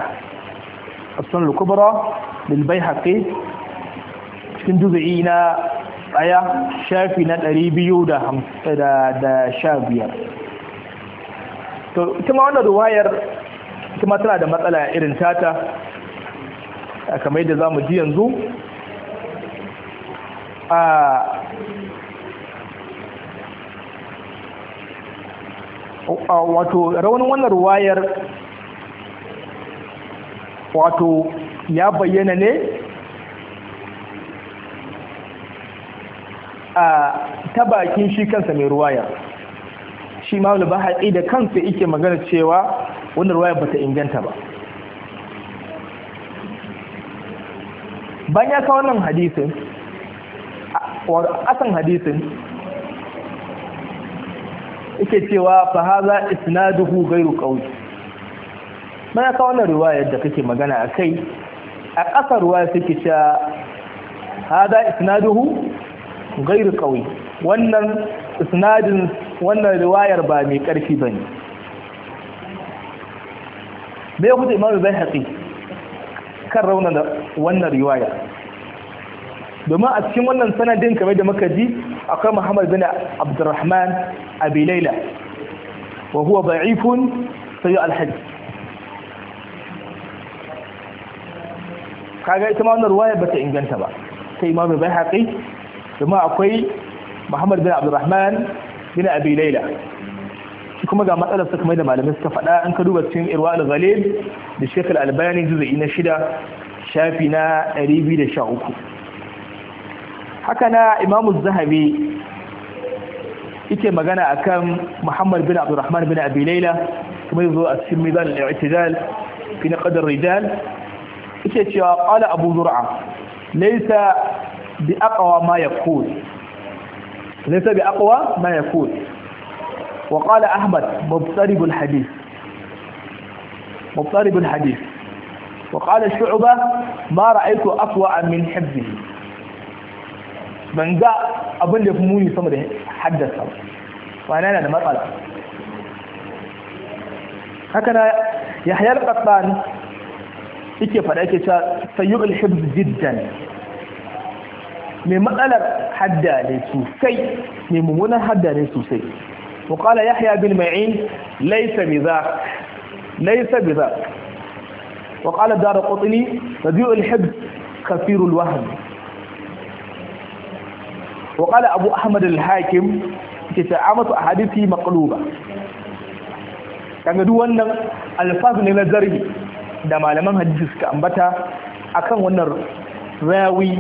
السنة الكبرى للبيهقي cikin dubi'i na ɗaya shafi na ɗari biyu da sha biyar to ita ma wannan ruwayar ita ma tana da matsala irin tata kamar yadda za mu ji yanzu a wato raunin wannan ruwayar wato ya bayyana ne a ta bakin shi kansa mai ruwaya shi ba haɗe da kansa yake magana cewa wannan ruwaya ba ta inganta ba bayan ya kawo wannan hadisin asan hadisin yake cewa fa haza isnaduhu gairu, qawi bayan ya kawo wannan ruwaya da kake magana a kai a ƙasar ruwaya suke cewa hada isnaduhu gairu قوي wannan isnadin wannan riwayar ba mai karfi bane me ya kuta imamu bai haƙi kan rauna da wannan riwaya domin a cikin wannan sanadin kamar da muka ji akwai muhammad bin abdurrahman abi laila wa huwa da'ifun sayu alhaji kaga ita ma wannan riwaya bata inganta ba sai imamu bai haƙi kuma akwai muhammad bin abdurrahman bin abi laila shi kuma ga matsalar sa kamar da malamai suka faɗa an ka duba cikin irwa al-ghalib da Sheikh al-albani juz'i na shida shafi na 213 haka na imam zahabi yake magana akan muhammad bin abdurrahman bin abi laila kuma yazo a cikin mizan al-i'tidal fi naqd ar-rijal yake cewa qala abu zur'a laysa باقوى ما يقول ليس باقوى ما يقول وقال احمد مضطرب الحديث مضطرب الحديث وقال شعبه ما رايت اقوى من حبه من جاء ابن ده فموني سمد حدث وانا انا ما قال هكذا يحيى القطان yake faɗa yake cewa جدا mai matsalar hadda ne sosai mai mummunan hadda ne sosai ko kala yahya in ma'in laysa bizak laysa bizak wa kala daru qutni radiu al-hib kathir al-wahm wa kala abu ahmad al-hakim kita amatu ahadithi maqluba kanga du wannan alfaz ne na zarbi da malaman hadisi suka ambata akan wannan rawi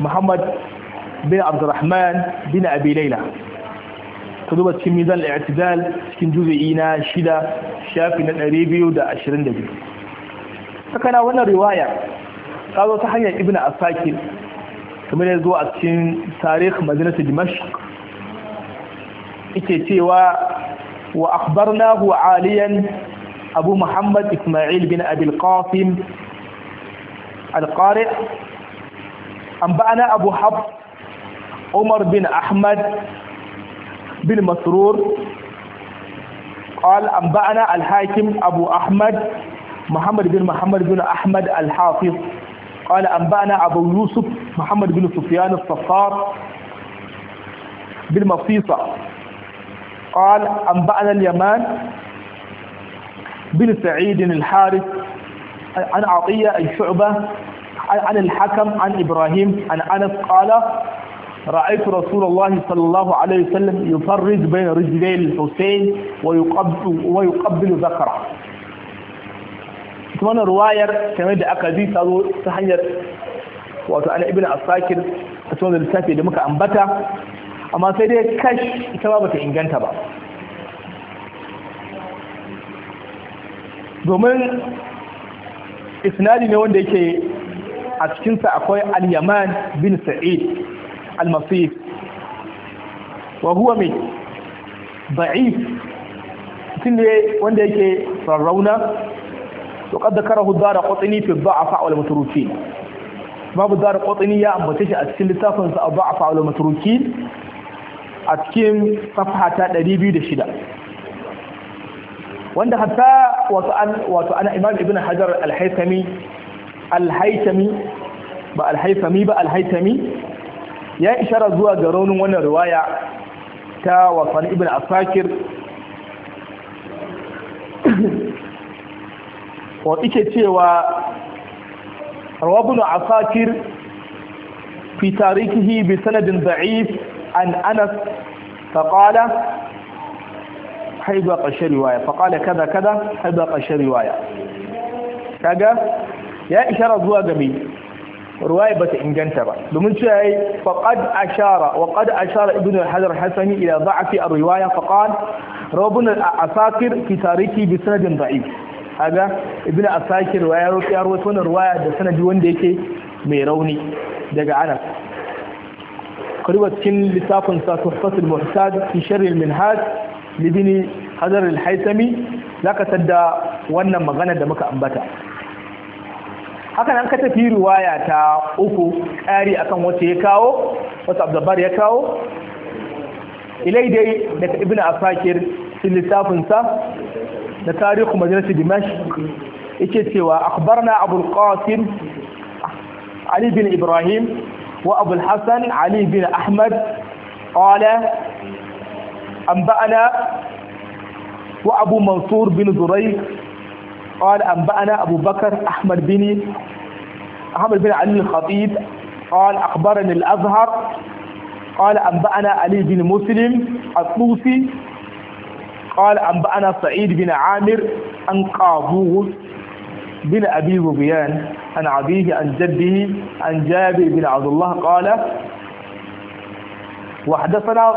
muhammad bin abdurrahman bin abi laila ka duba cikin mizan al'atidal cikin juzi'i na shida shafi na 222 sakana wannan riwaya ta zo ta hanyar ibn asakir kamar ya zo cikin tarikh madinatu dimashq ike cewa wa akhbarnahu aliyan abu muhammad isma'il bin abil qasim al-qari' أنبأنا أبو حفص عمر بن أحمد بن مسرور قال أنبأنا الحاكم أبو أحمد محمد بن محمد بن أحمد الحافظ قال أنبأنا أبو يوسف محمد بن سفيان الصفار بالمصيصة قال أنبأنا اليمان بن سعيد الحارث عن عطية الشعبة عن الحكم عن إبراهيم عن أنس قال رأيت رسول الله صلى الله عليه وسلم يفرج بين رجلي الحسين ويقبل, ويقبل ذكره ثم رواية كما يدعى قديسة تحير wato ana ibn asakir a cikin lissafi da muka ambata amma sai dai kash ita ba bata inganta ba domin isnadi ne wanda yake a cikinsa akwai al-yaman bin sa'id al-masif wa huwa mai ba'if mutum wanda yake rarrauna to kadda karahu dar qutni fi dha'fa wal mutrukin babu dar qutni ya ambata shi a cikin littafin sa dha'fa wal mutrukin a cikin safha ta 206 wanda hatta wato an wato ana imam ibn hajar al-haythami alhaitami ba alhaitami ba alhaitami ya ishara zuwa ga raunin wannan riwaya ta wasan ibn asakir wa ike cewa rawabun asakir fi tarihi bi sanadin da'if an anas faƙala haizuwa ƙarshen riwaya faƙala kada kada haiba ƙarshen riwaya kaga ya ishara zuwa ga mai ruwaya bata inganta ba domin cewa yayi faqad ashara wa qad ashara ibnu hajar hasani ila a ar-riwaya faqal rabbuna al-asakir fi tariki bi sanadin da'if kaga ibnu asakir wa ya roki yaro tona ruwaya da sanadi wanda yake mai rauni daga anas kariba cikin littafin sa tuhfatul muhtaj fi sharh al-minhaj libni hajar al-haytami zaka tadda wannan magana da muka ambata haka nan ka tafi riwaya ta uku ƙari akan wace ya kawo wasu abdabar ya kawo ilai dai daga ibn afakir cikin littafinsa da tarihu majalisi dimash yake cewa na abul qasim ali bin ibrahim wa abul hassan ali bin ahmad an ba'ana wa abu mansur bin zurai قال أنبأنا أبو بكر أحمد بن أحمد بن علي الخطيب قال أخبرني الأزهر قال أنبأنا علي بن مسلم الطوسي قال أنبأنا سعيد بن عامر عن قابوس بن أبي ظبيان عن أبيه عن جده عن جابر بن عبد الله قال وحدثنا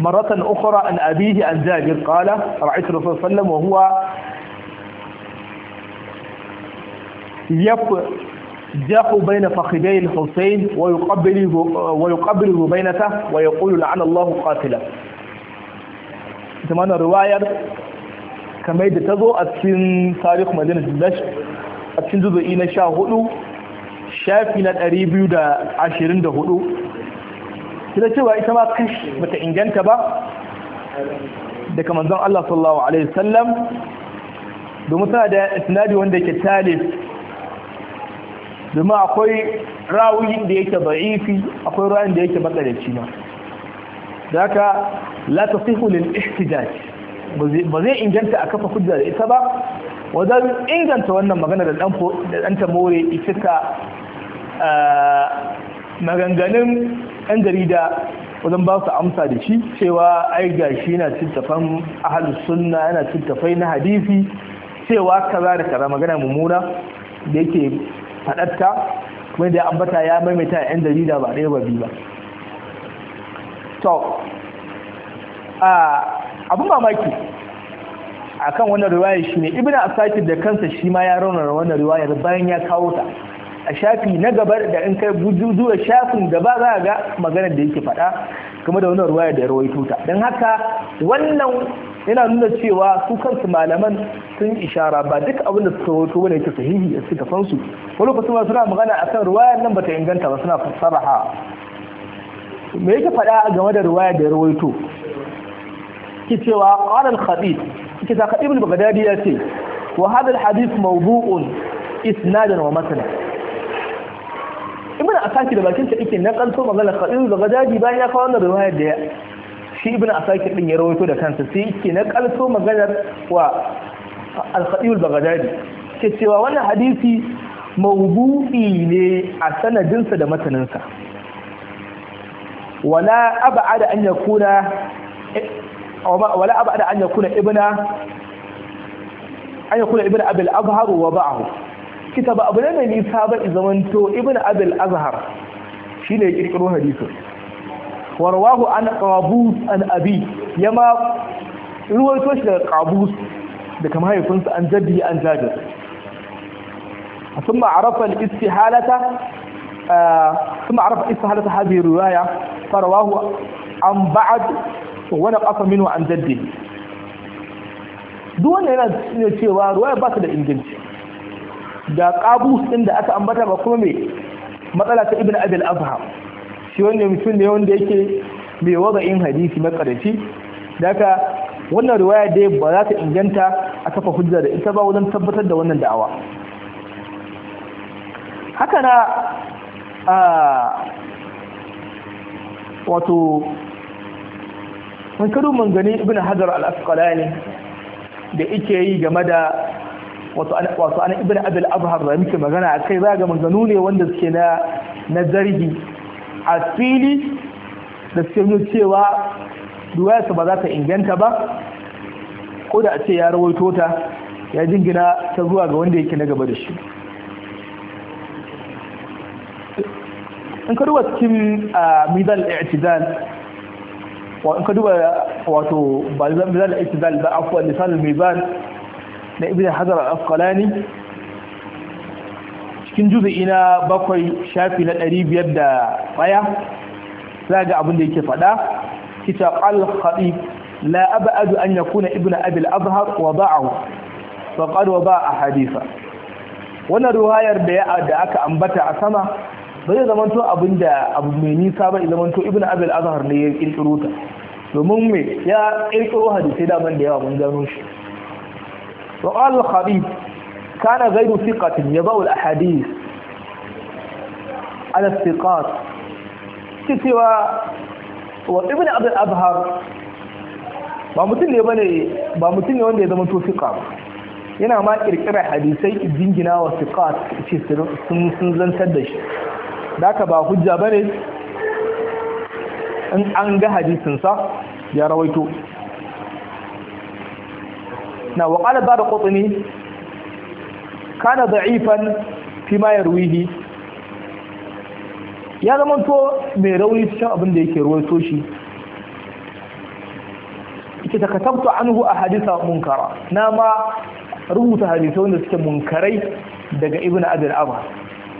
مرة أخرى عن أبيه عن جابر قال رأيت الرسول صلى الله عليه وسلم وهو يفجح بين فخذي الحسين ويقبله ويقبله بينته ويقول لعن الله قاتله zamanin riwayar kamar da ta zo a cikin tarih madina dash juzu'i na sha hudu shafi na ɗari biyu da ashirin da hudu ta cewa ita ma kash bata inganta ba daga manzon Allah sallallahu alaihi wasallam domin tana da isnadi wanda yake talib domin akwai rawuyin da yake ba'ifi akwai rawuyin da yake matsalaci ma da haka la tasihu lil ihtijaj ba zai inganta a kafa hujja da ita ba wajen inganta wannan magana da dan ta more ita maganganun yan jarida wajen ba su amsa da shi cewa ai gashi yana cittafan ahlus sunna yana cittafai na hadisi cewa kaza da kaza magana mummuna da yake faɗatta kuma da ambata ya maimaita yan jarida ba ɗaya ba biyu ba to abin mamaki a kan wannan riwayar shi ne ibina asakir da kansa shi ma ya raunar wannan riwayar bayan ya kawo ta a shafi na gabar da in kai zuwa shafin da ba za a ga maganar da yake faɗa kuma da wannan ruwaya da ya rawaito ta don haka wannan yana nuna cewa su kansu malaman sun ishara ba duk abin da suka hoto bane ta sahihi a cikin kafansu wani kusa ma suna magana akan ruwayar nan bata inganta ba suna fassaraha me yake faɗa game da ruwaya da rawaito ki cewa qala al-khatib ki ta khatib al-baghdadi ya ce wa hadha al-hadith mawdu'un isnadan wa matanan ibn asaki da bakin ta yake na kanto magana khatib al-baghdadi bayan ya kawo wannan ruwayar da shi ibn asaki din ya rawaito da kansa sai yake na kalso maganar wa al-khatib baghdadi ke cewa wannan hadisi mawdu'i ne a sanadinsa da sa wala ab'ada an yakuna wala ab'ada an yakuna ibna an yakuna ibn abul azhar wa ba'ahu kitaba abu ne mai nisa ba zamanto ibn abul azhar shine ya kirkiro hadisin warwahu an qabus an abi yama ruwaito shi daga qabus daga mahaifinsa an jaddi an jabir ثم عرف الاستحالة ثم عرف استحالة هذه an فرواه عن بعد ونقص منه عن جده duk wanda yana nuna cewa ruwaya ba da inganci da qabus ɗin da aka ambata ba kuma mai matsala ta ibn abil abha shi wanda mutum ne wanda yake mai in hadisi makarafi daga wannan riwaya dai ba za ta inganta a kafa hujja da ita ba wajen tabbatar da wannan da'awa haka na a wato mun mun mangani ibn hajar al-asqalani da yake yi game da wato ana ibn abul abhar da muke magana akai kai zaga maganu ne wanda suke na na zargi a fili da suke nuna cewa ruwayarsa ba za ta inganta ba ko da a ce ya rawaito ta ya jingina ta zuwa ga wanda yake na gaba da shi in ka duba cikin mizal i'tidal wa in ka duba wato ba mizal i'tidal ba afwa misal al-mizan na ibn hazar al-asqalani cikin juzu'i na bakwai shafi na ɗari biyar da ɗaya za ga abin da yake faɗa kita al-khatib la abadu an yakuna ibnu abil azhar wa ba'ahu faqad wa ba'a hadisa wannan ruwayar da ya da aka ambata a sama bai zai zamanto abin da abu mai nisa ba zamanto ibnu abil azhar ne ya kirkiro ta domin me ya kirkiro hadisai daban da yawa mun gano shi wa al-khatib kana gairu fiƙatin ya ba'ul ahadis ala fiƙat ke cewa wa ibn abdul abhar ba mutum ne bane ba mutum ne wanda ya zama to yana ma ƙirƙirar hadisai jingina wa fiƙat ce sun zantar da shi da haka ba hujja bane in an ga hadisinsa ya rawaito na waƙalar ba da ƙwatsuni kana da'ifan fi ma yarwihi ya zama to mai rauni cikin abin da yake ruwaito shi ita ta katabtu anhu a hadisa munkara na ma rubuta hadisa wanda suke munkarai daga ibn abin abu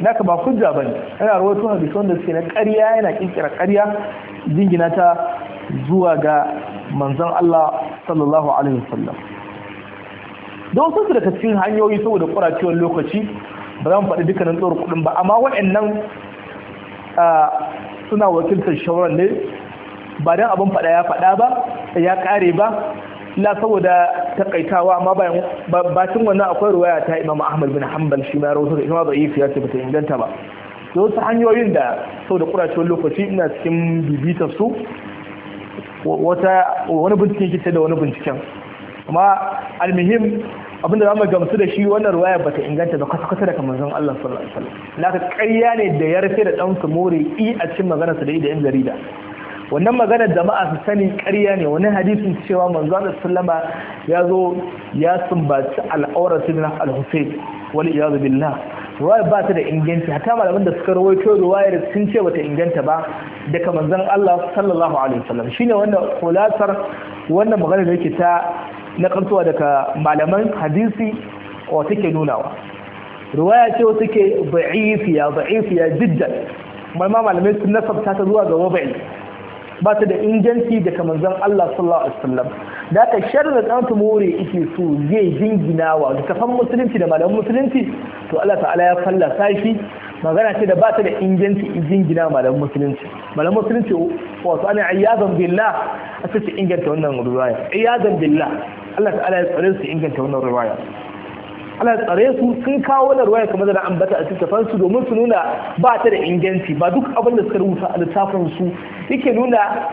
na ka ba ba ne yana rawaito hadisa wanda suke na ƙarya yana kinkira ƙarya jingina ta zuwa ga manzon Allah sallallahu alaihi wasallam don sun daga cikin hanyoyi saboda kuracewar lokaci ba za mu faɗi dukkanin tsoron kuɗin ba amma waɗannan suna wakiltar shawarar ne ba don abin faɗa ya faɗa ba ya ƙare ba la saboda takaitawa amma bayan bacin wannan akwai ruwaya ta Imam Ahmad bin Hanbal shi ma rawaito Imam ba ya ce ta inganta ba da wasu hanyoyin da saboda kuracewar lokaci ina cikin bibitar su wata wani binciken da wani binciken amma almuhim abinda zamu gamsu da shi wannan ruwaya bata inganta da kwata kwata daga manzon Allah sallallahu alaihi wasallam laka ƙarya ne da ya rufe da dan su more i a cikin maganar sa da idan jarida wannan maganar jama'a su sani ƙarya ne wani hadisin cewa manzon Allah sallama ya zo ya sumbaci al'aurar sidina al-Husayn wal iyad billah ruwayar ba ta da inganci hatta malaman da suka rawaito ruwayar sun ce bata inganta ba daga manzon Allah sallallahu alaihi wasallam shine wannan kulasar wannan maganar da yake ta na karsuwa daga malaman hadisi wa suke nunawa riwaya ce wasu ke ba'ifiya ba'ifiya jiddan malma malamai sun nasabta ta zuwa ga wabai ba ta da inganci daga manzon Allah sallallahu alaihi wasallam da aka sharri dan tumure yake so zai jingina wa littafan musulunci da malamin musulunci to Allah ta'ala ya fallasa shi magana ce da ba ta da inganci jingina malamin musulunci Malamin musulunci wato ana ayyazan billah a cikin inganta wannan ruwaya ayyazan billah Allah ta'ala ya tsare su inganta wannan riwaya Allah ya tsare su sun kawo wannan riwaya kamar da bata a cikin su domin su nuna ba ta da inganci ba duk abin da suka rubuta a littafin su yake nuna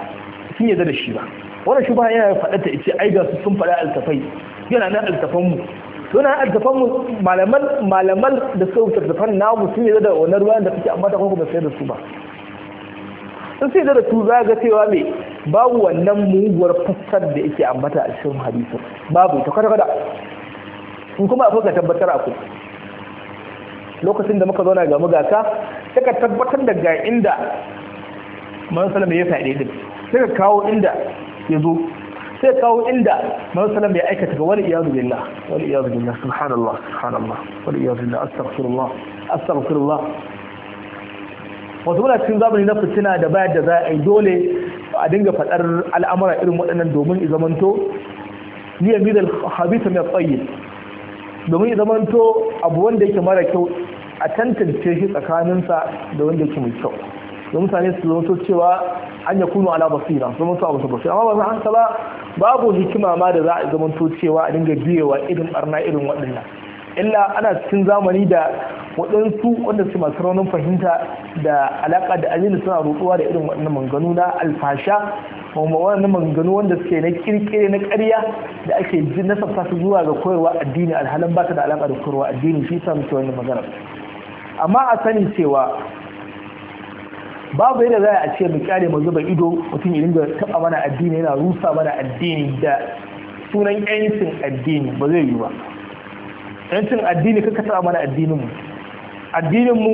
sun yarda da shi ba wannan shi ba yana faɗa ta ce ai ga su sun faɗa altafai yana nan altafan mu suna altafan mu malaman malaman da suka rubuta altafan namu sun yarda da wannan riwaya da kake ta kuma ba sai da su ba sun sai da su za ga cewa me babu wannan muguwar fassar da yake ambata a cikin hadisi babu ta kwata kwata in kuma akwai ka tabbatar akwai lokacin da muka zauna ga mugaka sai ka tabbatar da ga inda man salama ya faɗi din sai ka kawo inda ya zo sai kawo inda man salama ya aikata ga wani iyazu billah wani iyazu billah subhanallah subhanallah wani iyazu billah astaghfirullah astaghfirullah wasu muna cikin zamani na fitina da bayar da za a yi dole a dinga faɗar al'amura irin waɗannan domin zamanto liya midal habita mai tsaye domin zamanto abu wanda yake mara kyau a tantance shi tsakaninsa da wanda yake mai kyau da mutane su zama so cewa an ya kuno ala basira zama so a wasu basira amma ba su hankala babu hikima ma da za a zama so cewa a dinga biyewa irin barna irin waɗannan illa ana cikin zamani da waɗansu wanda su masu raunin fahimta da alaƙa da Aminu suna rutuwa da irin waɗannan manganu na alfasha kuma waɗannan manganu wanda suke na kirkire na ƙarya da ake jin nasabta su zuwa ga koyarwa addini alhalin ba ta da alaƙa da koyarwa addini shi sa muke wannan magana amma a sani cewa babu yadda za a ce mu kyale mu zuba ido mutum irin da taɓa mana addini yana rusa mana addini da sunan yancin addini ba zai yi ba yancin addini kaka sa mana addininmu addininmu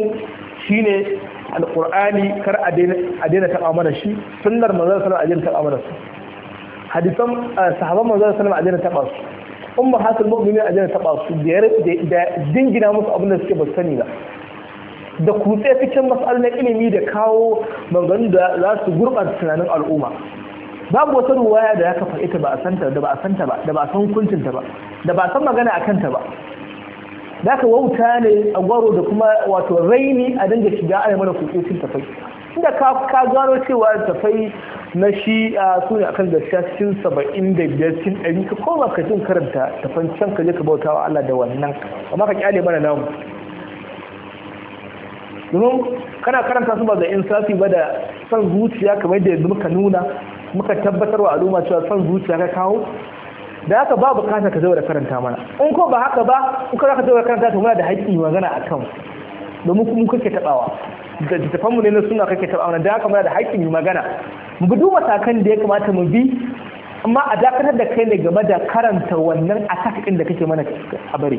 shine Alƙur'ani kar a daina taɓa mana shi sunnar manzon sallallahu alaihi wasallam a daina taɓa mana su hadisan eh, sahaban manzon sallallahu alaihi wasallam a daina taɓa su umma hasul mu'minin a daina taɓa su da dingina musu abin da suke ba sani ba da kutse cikin matsalar ilimi da kawo maganganu da za su gurɓata tunanin al'umma babu wata ruwaya da ya kafa ita ba a santa da ba a santa ba da ba a san hukuncinta ba da ba a san magana a kanta ba za ka wauta ne a gwaro da kuma wato raini a dinga shiga ana mana kusurcin tafai inda ka gano cewa tafai na shi a su ne akan gaskiya cikin saba'in da biyar cikin ɗari ka koma ka jin karanta tafan can ka je ka bauta wa Allah da wannan amma ka kyale mana namu domin kana karanta su ba da insafi ba da son zuciya kamar da yanzu muka nuna muka tabbatar wa al'umma cewa son zuciya ka kawo da haka ba bukatar ka zaura karanta mana in ko ba haka ba in ka zaka zaura karanta to muna da haƙƙi magana akan domin kuma kake tabawa da tafan mu ne na suna kake tabawa da haka muna da haƙƙin magana mu bi matakan da ya kamata mu bi amma a dakatar da kai ne game da karanta wannan attack din da kake mana a bare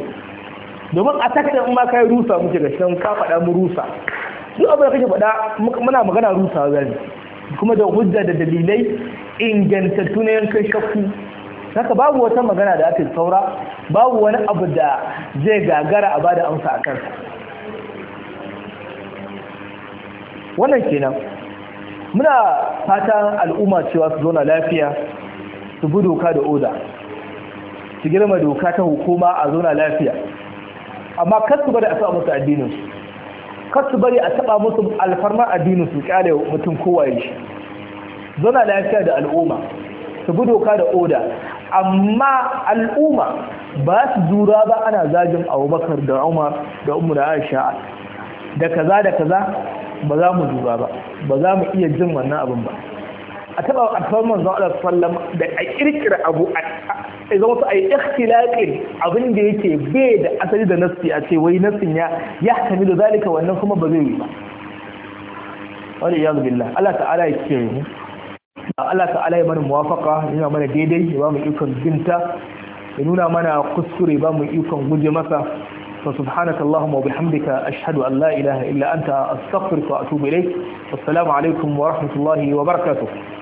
domin attack din in ma kai rusa muke da shan ka faɗa mu rusa duk abin da kake faɗa muna magana rusa zan kuma da hujja da dalilai ingantattu na yankan shakku haka babu wata magana da ake saura babu wani abu da zai gagara a bada amsa a kansa wannan kenan muna fatan al'umma cewa su na lafiya su bi doka da oda su girma doka ta hukuma a na lafiya amma kar su bari a saba musu addinin su kar su bari a taba musu alfarma addinin su kyale mutum kowaye zo na lafiya da al'umma su bi doka da oda amma al'umma ba su jura ba ana zagin abubakar da umar da umar da aisha da kaza da kaza ba za mu jura ba ba za mu iya jin wannan abin ba a taba a taba manzon Allah sallam da a kirkira abu a zama su a yi ikhtilaqin abin da yake bai da asali da nasti a ce wai nasin ya ya kami da zalika wannan kuma ba zai yi ba wani iyaz billah Allah ta'ala ya kiyaye mu Allah ta'ala ya mana muwafaka ya mana daidai ya ba mu ikon binta ya nuna mana kuskure ba mu ikon guje masa fa subhanaka allahumma wa bihamdika ashhadu an la ilaha illa anta astaghfiruka wa atubu ilayk assalamu alaikum wa rahmatullahi wa barakatuh